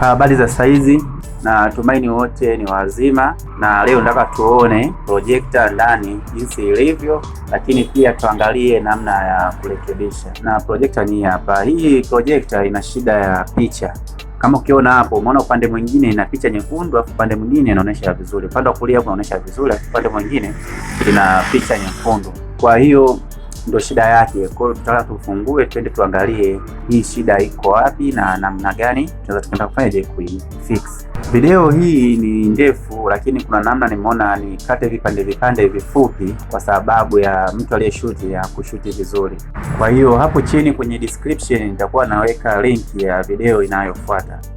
Ah, habari za saizi, na tumaini wote ni wazima, na leo nataka tuone projekta ndani jinsi ilivyo, lakini pia tuangalie namna ya kurekebisha. Na projekta ni hapa. Hii projekta ina shida ya picha kama ukiona hapo, umeona upande mwingine ina picha nyekundu, afu upande mwingine inaonyesha vizuri. Upande wa kulia unaonyesha vizuri, afu upande mwingine ina picha nyekundu. Kwa hiyo ndo shida yake. Kwa hiyo tutaka tufungue, twende tuangalie hii shida iko wapi na namna gani tunaweza tukaenda kufanyaje fix. Video hii ni ndefu, lakini kuna namna nimeona nikate vipande vipande vifupi kwa sababu ya mtu aliyeshuti ya kushuti vizuri. Kwa hiyo hapo chini kwenye description nitakuwa naweka link ya video inayofuata.